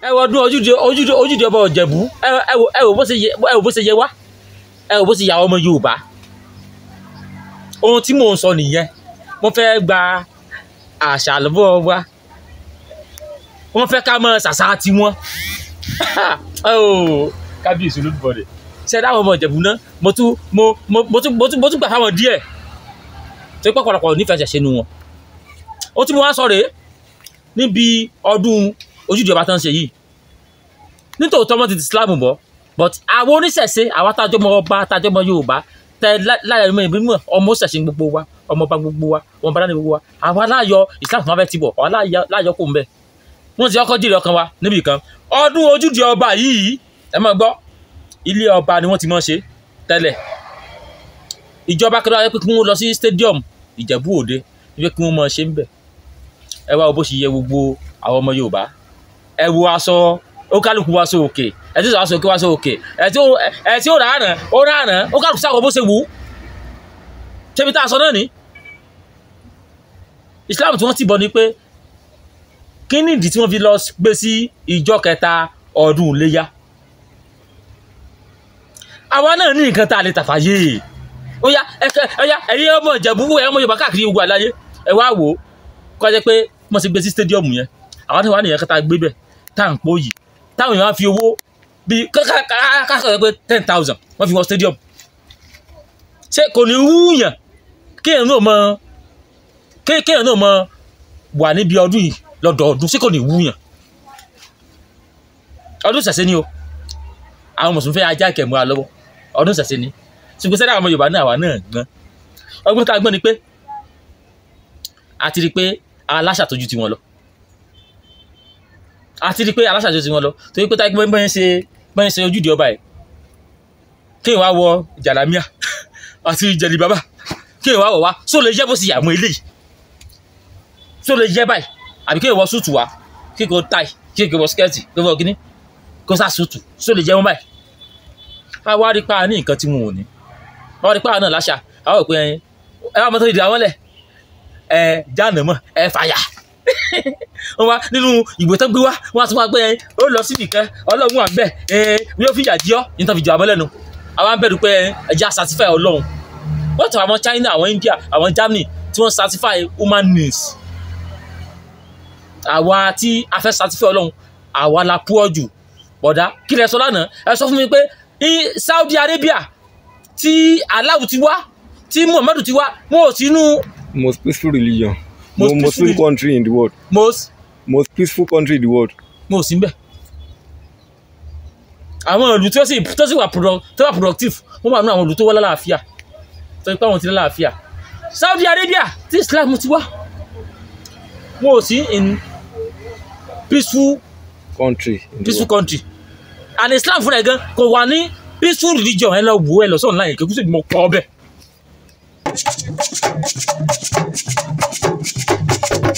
ẹ wọ ọdún ojúde ojúde ojúde ọba ọ̀jẹ̀bú ẹ wò ẹ wò bó ṣe yẹ wá ẹ wò bó ṣe yà ọmọ Yorùbá ohun tí mò ń sọ nìyẹn mo fẹ́ gba àṣà lọ́wọ́ wa wọ́n fẹ́ ká máa ṣàṣà tiwọn kábíyèsí olódùbọ̀dẹ̀ ṣe dáhùn ọmọ Ìjẹ̀bú náà mo tún mo mo tún mo tún gbà fáwọn díẹ̀ tó pọ̀ pọ̀lọpọ̀ nífẹ̀ẹ́ nu wọn ó tún mo wá sọ rèé níbi ọdún ojú ìjọba tó ń ṣe yìí nítòótọ́ wọn ti di Islam bọ́ but àwọn oníṣẹ̀ṣe àwa tájọmọ ọba tájọmọ Yorùbá tẹ láyà ìmọ̀ ìbímọ ọmọ ṣẹ̀ṣe gbogbo wa ọmọ ọba gbogbo wa ọmọ ọba gbogbo wa àwa láyọ Islam tó máa fẹ́ ti bọ̀ àwa láyọ kò ń bẹ̀ wọ́n ti ọkọ̀ jèrè ọkàn wa níbì kan ọdún ojúde ọba yìí ẹ máa gbọ́ ilé ọba ni wọ́n ti máa ṣe tẹ́lẹ̀ ìjọba kí wọ́n pé kí wọ́n lọ sí stadium Ìjẹ̀bú Òde wípé kí wọ́n máa ṣe ń bẹ̀ ẹ wá bó ṣe yẹ gbogbo àwọn ọmọ Yorùbá ẹ wo aṣọ ó kálukú wá sí òkè ẹ tí ó sọ aṣọ òkè wá sí òkè ẹ tí ó rà á ràn ó rà á ràn ó kálukú sáwọ bó ṣe wù ú ṣébi tá a sọ náà ni Islam tí wọ́n ti bọ̀ ni pé kí ni ìdí tí wọ́n fi lọ gbé sí ìjọ kẹta ọdún léyà àwa náà ní nǹkan tá a lè tàfàyè ó yá ẹ̀yà ẹ̀yìn ọmọ ìjẹ̀bú ẹ̀ ọmọ Yorùbá káàkiri ogun àláyé ẹ wá wò ó kọ́ pé wọ́n ti gbé sí stadium yẹn àwọn àti wọn nìyẹn kẹta gbé bẹ̀ tá à ń pò yìí táwọn èèyàn á fi owó bíi kákàkọ́ pé ten thousand wọ́n fi wọ́n stadium ṣé kò ní wúyàn kéèyàn náà mọ kéèyàn náà mọ wà níbi ọdún yìí lọ́dọọdún ṣé kò ní wúyàn ọdún ṣẹ̀ṣẹ̀ ni o àwọn mùsùlùmí fẹ́ ajá ìkẹ̀múra lọ́wọ́ ọdún ṣẹ̀ṣẹ̀ ni ṣùgbọ́n sẹ́dá àwọn ọmọ Yorùbá náà wà náà gbọ́n ọgbọ́n tá a gbọ́n ni pé a ti rí i pé aláṣà tó tiwọn lọ àti rí i pé aláṣà ju ti wọn lọ torí pé táyé bẹ́ẹ̀ ṣe bẹ́ẹ̀ ṣe ojúde ọba ẹ̀ kéèyàn wá wọ jàlámíà àti jẹ̀lì bàbá kéèyàn wá wọ̀ wá só lè jẹ́ bó sì yà mọ́ eléyìí só lè jẹ́ báyìí àbí kéèyàn wọ súùtù wá kéèyàn táì kéèyàn wọ skẹ́ẹ̀tì kéèyàn wọ kíní kó sá súùtù só lè jẹ́ wọn báyìí a wá rí pa ní nǹkan tí wọn ò ní a wá pa náà láṣà a wá rò pé ẹ mọ́tò ìdí àwọn lẹ̀ ẹ jáàmù wa nínú ìwé tó gbé wá wọn àti wọn gbé ó lọ síbi kan ọlọ́run àbẹ̀ bí ó fi yà díọ́ ní tó jù àmọ́lẹ́nu àwọn abẹ́rù pé ẹja certify ọlọ́run wọ́n tọ́ àwọn China àwọn India àwọn Germany tí wọ́n certify human needs àwa tí a fẹ́ certify ọlọ́run àwa la púọ̀ jù bọ̀dá kí lẹ sọ lánàá ẹ sọ fún mi pé Saudi Arabia tí aláwù ti wá tí Muhammadu ti wá wọn ò sínú. most peaceful religion most peaceful country in the world. most most peaceful country in the world. mo ò sí níbẹ̀ àwọn ìlú tó sì tó sì wà tó wà productive wọ́n wà nínú àwọn ìlú tó wà lálàáfíà tó ń pẹ́ àwọn ti lálàáfíà Saudi Arabia tí Islam ti wá wọn ò sí in peaceful country peaceful country and Islam fúnra ẹ̀ gan kò wà ní peaceful religion ẹ lọ wò ẹ lọ sọ̀rọ̀ láyé kò kúṣe ni mo kọ́ ọ bẹ́ẹ̀.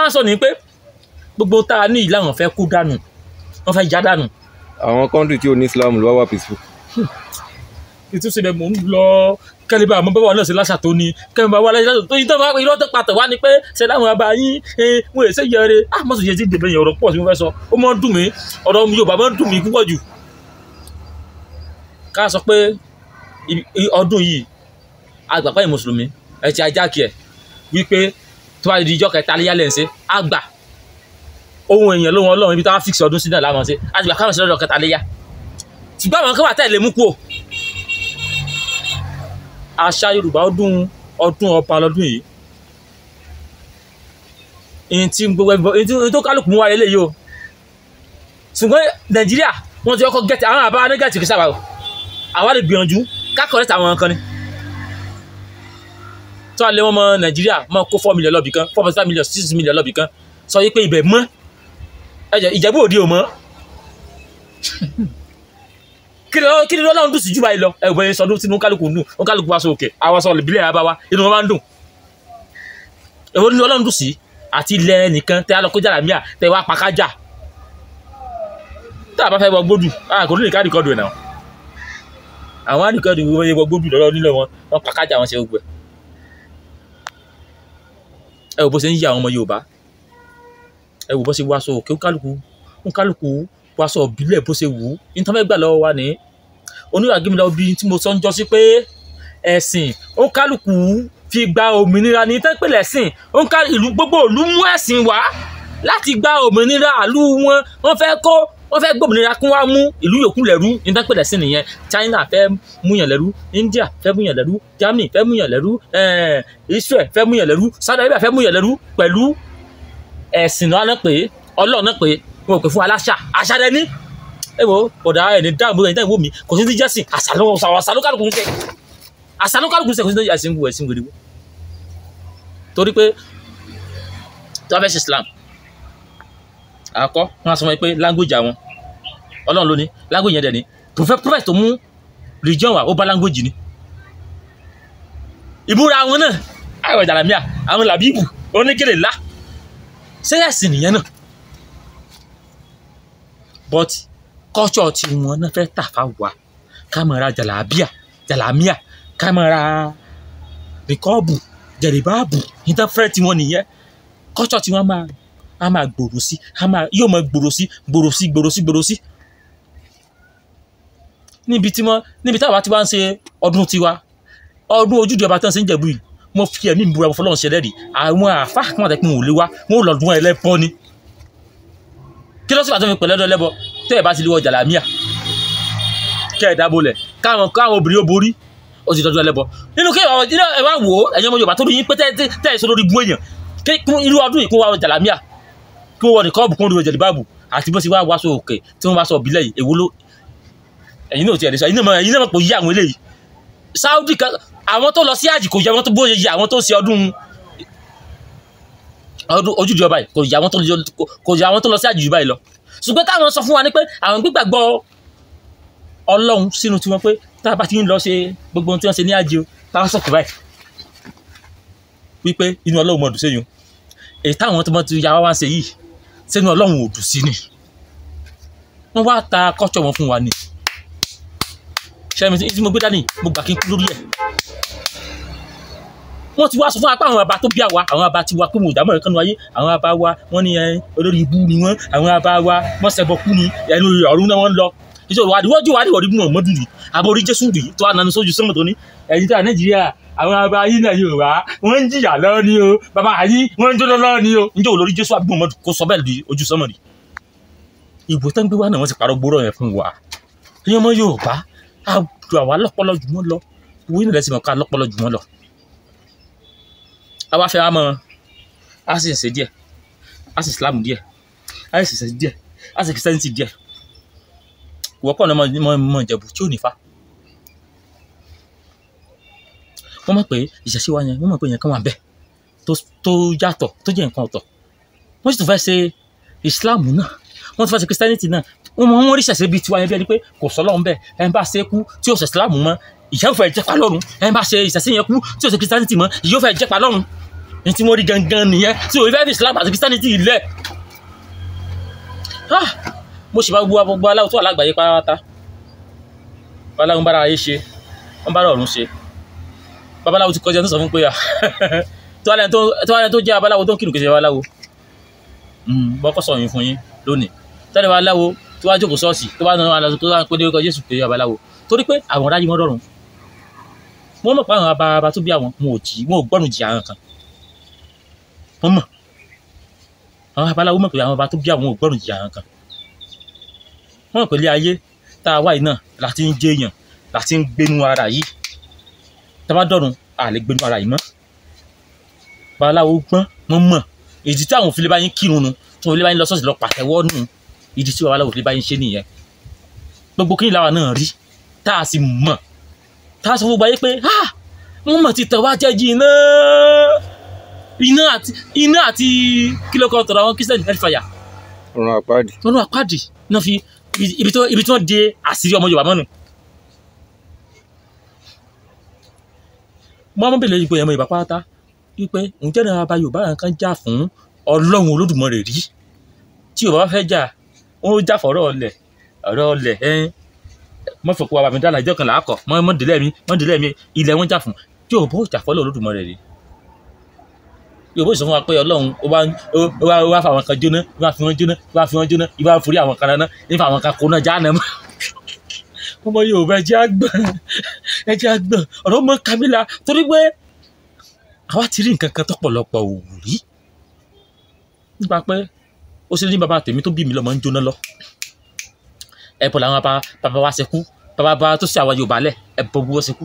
táwọn sọ ni pé gbogbo tá a ní yìí làwọn fẹ́ kú dànù wọ́n fẹ́ já dànù. àwọn kọ́ńtì tí ó ní Islam ló wá wà peaceful. ìtúsílẹ̀ mò ń lọ kẹ́lẹ́bà àmọ́ bá wà náà sí láṣà tó ní kẹ́lẹ́bà wà láṣà tó ní tó fà irọ́ tó pàtó wá ni pé ṣe láwọn ọba yín wọn èsè yẹrẹ àmọ́sùn yẹn ti dèbè yẹn ọ̀rọ̀ pọ̀ sí mo fẹ́ sọ ó mọ́ ń dùn mí ọ̀rọ̀ Yorùbá mọ́ ń dùn mí púpọ̀ jù ká sọ pé ọdún yìí agbàpá ìmùsùlùmí ẹ̀ ti ajá kí ẹ̀ wípé tó bá di ijọ́ kẹta aléyálẹ̀ ń ṣe á gbà ohun èèyàn lóhun ọlọ́run ibi táwọn fix ọdún sí náà láwọn ṣe á ti gbà káwọn ṣe lọ́dọ̀ kẹta aléyá ṣùgbọ́n àwọn kan wà tẹ̀lé mú kú o àṣà yorùbá ọdún ọdún ọba lọ́dún yìí èyí tí gbogbo ẹgbẹ́ èyí tó kálukú mú wa lélẹ̀ yìí o ṣùgbọ́n nàìjíríà wọ́n ti kọ́kọ́ gẹ̀tì àwọn àbáwọn gẹ̀tì kìí sábà o àwa lè gbìyànjú kákọ̀ọ́lẹ́tà àwọn kan ni tó wà lé wọn mọ nàìjíríà mọ kó four million lọ́bì kan four point five million six million lọ́bì kan sọ yìí pé ibẹ̀ mọ́ ìjẹ̀bú òde ò mọ́ kí ni lọ́lọ́run dùn sí jù báyìí lọ ẹ bọ̀ yẹn sọdún sínú kálukú dùn ó kálukú wá sọ òkè àwa sọ ìbílẹ̀ yàrá bá wa inú wọn bá ń dùn èwo ni lọ́lọ́run dùn sí àti ilẹ̀ nìkan tẹ́ alọ́kọ́ jàlámíà tẹ́ wá pàkájà tá a bá fẹ́ wọ gbódù kò ní nìkan àdìkọ́dù ẹ̀ náà àwọn àdìkọ́dù wọ́n yẹ wọ gbódù lọ́lọ́ nílò wọn wọ́n pàkájà wọn ṣe gbogbo ẹ̀ ẹ wò bó ṣe ń yí àwọn ọmọ Yorùbá ẹ wò bó ṣe wáṣọ òkè òǹkálùkù òǹkálùkù wáṣọ òbílẹ̀ bó ṣe wù ú ní tán fẹ́ gbà lọ́wọ́ wa ní oníwà gímìlá obi tí mo sọ ń jọ sí pé ẹ̀sìn òǹkálùkù fi gba òmìnira ní tán pèlẹ̀ sìn òǹkálùkù gbogbo ìlú mú ẹ̀sìn wá láti gba òmìnira àlú wọn wọ́n fẹ́ kó wọ́n fẹ́ gbòmìnira kí wọ́n mú ìlú yòókù lẹ́rú nígbà pẹ̀lẹ́ sí nìyẹn China fẹ́ múyàn lẹ́rú India fẹ́ múyàn lẹ́rú Germany fẹ́ múyàn lẹ́rú eh, Israel fẹ́ múyàn lẹ́rú Saudi Arabia fẹ́ múyàn lẹ́rú pẹ̀lú ẹ̀sìn náà náà pé ọlọ́ọ̀ náà pé wọn ò pè fún aláṣà àṣà rẹ ní èwo ọ̀dà ẹni dáàbò ẹni dáàbò mi kò sí ti jẹ́sìn àṣàlókàlùkù ń tẹ àṣàlókàlùkù ń tẹ kò sí ti jẹ́sìn àṣìwò ẹ̀sìn wèrè torí pé tí wọ́n fẹ́ ṣe Islam àkọ́ wọn á sọ fún mi pé language àwọn ọlọ́run ló ní language yẹn dẹ̀ ní prophet tó mú religion wa ó bá language ni ìbúra àwọn náà àwọn ìdàlámíà àwọn làbíbù oníkèrè lá sẹ́yẹ̀sì nìyẹn náà but culture ti wọn náà fẹ́ tà fà wá ká máa ra jàlábíà jàlámíà ká máa ra rìkọ́ọ̀bù jẹ̀rìbáàbù ìtàn fẹ́ tiwọn nìyẹn culture ti wọn máa á máa gbòòrò sí á máa yóò máa gbòòrò sí gbòòrò sí gbòòrò sí gbòòrò sí. níbi tí wọ́n níbi táwa ti wá ń ṣe ọdún tiwa ọdún ojúde ọba tán ṣe ń jẹ̀bú yìí mo fi ẹ̀mí ìbúra mo fọlọ́run ṣẹlẹ̀ rí àwọn àfa kan àti ẹ̀pin òòlé wa wọn ò lọ́dún ẹlẹ́bọ ni kí lọ́sọ̀rọ̀ àti ọmọ pẹ̀lẹ́dọ̀ ẹlẹ́bọ tẹ́ ẹ̀ bá ti lé wọ́n jàlámíà kẹ́ ẹ̀ dábòlẹ̀ káwọn káwọn obìnrin ó borí ó ti dọ́jú ẹlẹ́bọ nínú kí ẹ wá wò ó ẹ̀yin ọmọ Yorùbá tó bí yín pé tẹ́ ẹ sọ lórí gún èèyàn irú ọdún yìí kó wá jàlámíà kí wọ́n wọ ní kọ́ọ̀bù kún un jẹ̀lì báàbù àti bó ṣe wá wá sọ òkè tí wọ́n bá sọ òbílẹ̀ yìí èwo ló ẹ̀yin náà ti ẹ̀rí sọ ẹ̀yin náà mọ̀ pé yí àwọn eléyìí Saudi kan àwọn tó lọ sí àjì kò yẹ àwọn tó bóyá yẹ àwọn tó ṣe ọdún ọdún ojúde ọba yìí kò yẹ àwọn tó kò yẹ àwọn tó lọ sí àjì jù báyìí lọ ṣùgbọ́n táwọn sọ fún wa ni pé àwọn gbígbàgbọ́ Ọlọ́run sínú tiwọn pé tá a bá ti ń lọ ṣe gbogbo ohun tí wọ́n ṣe ní àjì o táwọn sọ̀kù báyìí wípé inú Ọlọ́run mọ̀ọ́dún sẹ́yìn èyí táwọn tó mọ̀ ti yà wá wá ń ṣe yìí sẹ́nu ọlọ́run ò dùn sí ni wọ́n wá ta kọ́ṣọ́ wọn fún wa ni ṣẹ́mi tí mo gbé dání mo gbà kí n kú lórí ẹ̀ wọ́n ti wá sọ fún apá àwọn àbá tó bí àwa àwọn àbá tiwa pé wọn ò dámọ̀ ìkànnì ayé àwọn àbá wa wọ́n ní olórí ibú ni wọ́n àwọn àbá wa wọ́n ṣẹbọ kú ni ẹnu ọ̀run náà wọ́n lọ ìṣòro wádìí wọ́n jù wádìí wọ́n rí mọ̀ mọ́dún yìí aborí jésù dùn yìí tó wà nánú sójú sọ́mọ̀ tó ní ẹ̀yin tí a nàìjíríà àwọn ọba ayé náà yóò wá wọ́n ń jìyà lọ́wọ́ ni o bàbá ayé wọ́n ń jóná lọ́wọ́ ni o níjẹ́ olórí jésù àbí mọ̀mọ́dún kó sọ bẹ́ẹ̀ di ojú sọ́mọ̀ ni. ìbò tán gbé wá náà wọ́n ti parọ́ gbóró yẹn fún wa ẹ̀yin ọmọ yorùbá àwa lọ́pọlọ jù wọ́n lọ ìwé ìrìnlẹ̀ sì mọ̀ ká lọ́pọlọ jù wọ́n lọ. àwa fẹ́ wa mọ a sì ṣe ìwọ kọ́ ọ̀nà mọ ìjẹ̀bù tí ò ní fa wọ́n mọ̀ pé ìṣẹ̀sí wa yẹn wọ́n mọ̀ pé yẹn kan wà bẹ́ẹ̀ tó yàtọ̀ tó jẹ́ nǹkan ọ̀tọ̀ wọ́n sì tún fẹ́ ṣe Islam náà wọ́n tún fẹ́ ṣe Christianity náà wọ́n mọ̀ wọ́n rí ṣẹ̀ṣẹ̀ bíi tiwa yẹn bí ẹni pé kò sọ́lọ́ ń bẹ̀ ẹ̀ ń bá ṣe kú tí ò ṣe Islam mọ́ ìyẹn fẹ́ jẹ́pá lọ́rùn ẹ̀ ń bá ṣe ìṣẹ̀ṣẹ̀ yẹn kú tí ò ṣe Christianity mọ́ ìyẹn fẹ́ jẹ́pá lọ́rùn ní tí wọ́n rí gangan nìyẹn tí ò fẹ́ fi Islam àti Christianity ilẹ̀ ah! mo sì bá gbogbo gbogbo aláwo tó wà lágbàáyé pátá babaláwo ń bára ayé ṣe wọ́n bára ọ̀run ṣe babaláwo ti kọjá tó sọ fún pé ah, tó wà lẹ́nu tó jẹ́ babaláwo tó ń kírun kìí ṣe babaláwo bọ́kọ̀ hmm, sọ̀rọ̀ yín fún yín lónìí tẹ́lẹ̀ babaláwo tó wá jókòó ṣọ́ọ̀ṣì tó bá náà lọ tó wá pé lórúkọ Jésù pé babaláwo torí pé àwọn ọ̀dájú wọn dọ̀rùn wọn mọ̀ pé àwọn ababa tó bí àwọn wọn ò jí wọn ò gbọ́dùn jí àwọn kan wọn mọ̀ àwọn babaláwo mọ̀ pé àwọn ababa tó bí àwọn wọn ò gbọ́dùn jí àwọn kan wọn pẹ̀lú ayé tá a wá yìí náà láti ń jẹyàn láti ń gbénu ara yìí tá a bá dọ̀run a lè gbénu ara yìí mọ́ babaláwo gbọ́n wọ́n mọ̀ ìdí tí àwọn òfin lè bá yín kírun nu tí wọ́n lè bá yín lọ ṣọ́ọ̀ṣì lọ pàtẹ́wọ́ nù ìdí tí babaláwo lè bá yín ṣe nìyẹn gbogbo kí ni làwa náà rí tá a sì mọ̀ tá a sọ gbogbo ayé pé ah wọ́n mọ̀ ti tàn jẹ́ jí iná iná àti iná àti kí tọ̀rọ̀ àwọn Christian ibi tí ibi tí wọ́n de àṣírí ọmọ Yorùbá mọ́nu mọ́mọ́ bèlè ìgbò ẹ̀mọ Yorùbá pátá wípé ǹjẹ́ náà bá Yorùbá kan jà fún Ọlọ́run Olódùmarè rí tí Yorùbá fẹ́ jà ó jà fọ̀rọ̀ ọlẹ̀ ọ̀rọ̀ ọlẹ̀ ẹ̀ẹ́n mọ́ fọ̀kọ́ wa bàmí dáná ìjọ kan làákọ̀ mọ́ mọ́ délẹ̀ mi mọ́ délẹ̀ mi ilẹ̀ wọn jà fún tí Yorùbá ò jà fọ́lọ́ Olódùmarè rí yorùbá sọ fún wa pé ọlọ́run ó bá ó bá fa àwọn kan jóná ó bá fi wọn jóná ó bá fi wọn jóná ó bá forí àwọn kan rana nífa àwọn kan kó náà já nàá mọ́ ọmọ yorùbá ẹ jẹ́ àgbọ̀n ẹ jẹ́ àgbọ̀n ọ̀rọ̀ mọ́ kamila torí pé àwa ti rí nǹkan kan tọ́pọ̀lọpọ̀ ò rí nípa pé ó ṣe ní bàbá tèmi tó bí mi lọ́mọ ń jóná lọ ẹ̀bọ làwọn bàbá wa ṣe kú bàbá tó ṣe àwọn yorùbá lẹ̀ ẹ̀bọ gbogbo ṣe kú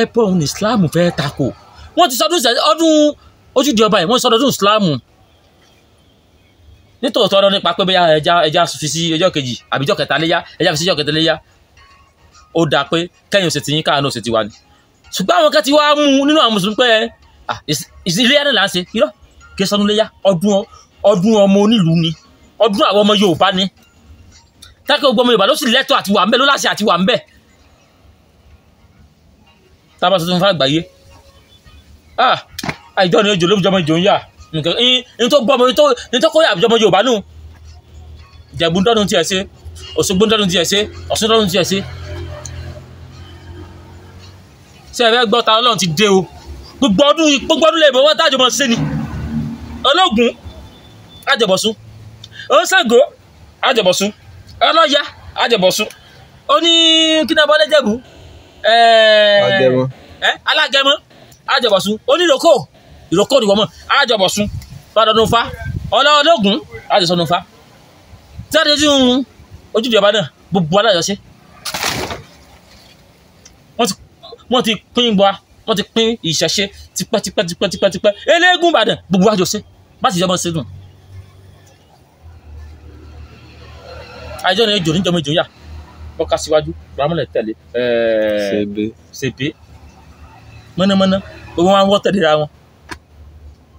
ẹ̀bọ wọ́n ti sọdún ọdún ojúde ọba yìí wọ́n ti sọdún ìsìláàmù nítòótọ́ ọdún nípa pé bóyá ẹja ẹja fi sí ọjọ́ kejì àbí ọjọ́ kẹta léyà ẹja fi sí ọjọ́ kẹta léyà ó dáa pé kẹ́yìn òsè tìyín káàánú òsè tiwa ni ṣùgbọ́n àwọn kan ti wá mú nínú àwọn mùsùlùmí pé ìsìléyà náà là ń ṣe irọ́ kí sọnù léyà ọdún ọmọ onílùú ni ọdún àwọn ọmọ Yorùbá ni tákẹ́ gbogbo ọmọ Yorùbá ló sì lẹ́tọ̀ọ́ àti wà ń bẹ̀ ló láṣẹ àti wà ń bẹ̀ tábà tuntun fún àgbáyé àìjọ ah, ah, ni ojò lóbi jọmọ ìjò ń yà nǹkan ní tó gbọmọ ní tó kó yà jọmọ Yorùbá nù Ìjẹ̀bú dọ́dún tiẹ̀ ṣe Òṣogbo dọ́dún tiẹ̀ ṣe Ọ̀ṣun dọ́dún tiẹ̀ ṣe. ṣé ẹ fẹ́ gbọ́ ta Ọlọ́run ti dé o gbogbo ọdún gbogbo ọdún lè mọ wọ́n tájọmọ ṣe ni ológun àjẹbọ̀sùn oníṣàngó àjẹbọ̀sùn ọlọ́yà àjẹbọ̀sùn oní kí ni abọ́lẹ́jẹ̀bù alágẹmọ àjọbọ̀sùn oníròkò ìrókò ìwọ̀mọ̀ àjọbọ̀sùn lọ́dọọdún fa ọlọ́ọ̀dọ́gùn àjọsọ̀nù fa tí a ti ti ń ojúde ọba náà gbogbo alájọṣe wọ́n ti pín bọ́ wọ́n ti pín ìṣẹ̀ṣe tipẹ́tipẹ́ tipẹ́tipẹ́ tipẹ́ eléégún ìbàdàn gbogbo àjọṣe bá ti jọmọ ṣe dùn. àjọ ni ejò níjọmọ ejò yà wọ́n ká síwájú ramọ́lẹ̀ tẹ̀lé ṣèbé mọ́nàmọ́ná gbogbo wọn wọ́ tẹ̀léra wọn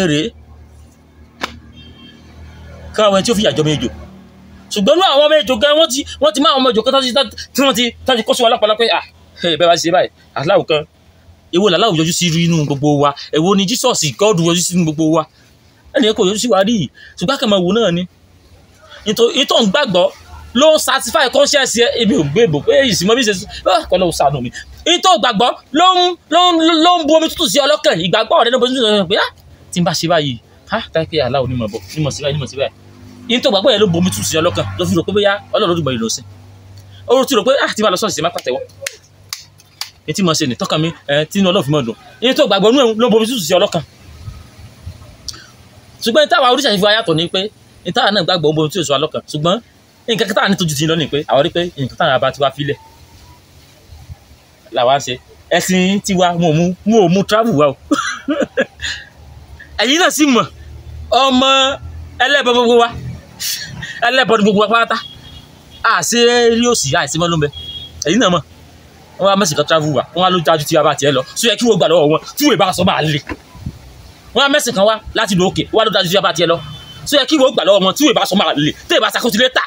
èrè káwọn ẹni tí ó fi àjọmọ ejò ṣùgbọ́n ní àwọn ọmọ ejò gan wọ́n ti wọ́n ti máa ọmọ ejò kan tí wọ́n ti tájú kó sí wa lápapọ̀ pé ah bẹ́ẹ̀ bá ṣe báyìí aláwọ̀ kan èwo làláwọ̀ yọjú sí inú gbogbo wa èwo ni Jesus God yọjú sí inú gbogbo wa ẹnì kò yọjú sí wa rí ṣùgbọ́n kàmá wò náà ni ìtò ń gbàgbọ́ ló ń satisfy conscience ẹ ebi ò gbé ìbò pé èyí sì mọ bí ṣe ah, kọ́ lọ́wọ́ sànù mi ìtò ìgbàgbọ́ ló ń ló ń ló ń bu omi tútù sí ọlọ́kàn ìgbàgbọ́ rẹ ló ń bu omi tútù sí ọlọ́kàn pé ah tí n bá ṣe báyìí ah táìpé aláwo ni mo bọ̀ ni mo ṣe báyìí ni mo ṣe báyìí ìtò ìgbàgbọ́ yẹn ló bu omi tútù sí ọlọ́kàn ló fi rò pé bóyá ọlọ́run ló gbọ̀yìn lọ sí ó ti rò pé ah tí n bá lọ sọ́ọ̀sì ṣe má pàtẹ́wọ́ etí mo ṣe ní tọ́kàn mi tí inú ọlọ́run fi mọ̀ dùn ìtò ìgbàgbọ́ ló bu omi tútù sí ọlọ́kàn ṣùgbọ́n táwa oríṣiríṣi fi ayàtọ̀ ni pé táwa náà gbàgbọ́ ohun tí ò sọ ọlọ́kàn ṣùgbọ́n nǹkan kan táwa làwa ń ṣe ẹ̀sìn tiwa mo mú mo ò mú travel wa o ẹ̀yin náà sì mọ̀ ọmọ ẹlẹ́bọ gbogbo wa ẹlẹ́bọ ni gbogbo wa pátá àṣẹ rí òsì àìsí mọ́ ló ń bẹ ẹ̀yin náà mọ̀ wọ́n wá mẹ́sìn kan travel wa wọ́n wá ló dájú tí a bá tiẹ̀ lọ sọ yẹ kí wọ́n gbà lọ́wọ́ wọn tí wọ́n bá sọ bá lè wọ́n wá mẹ́sìn kan wá láti lò òkè wọ́n wá ló dájú tí a bá tiẹ̀ lọ sọ yẹ kí wọ́n gbà lọ́wọ́ wọn tí wọ́n bá sọ bá lè tẹ́ ẹ bá sakó tilé ta.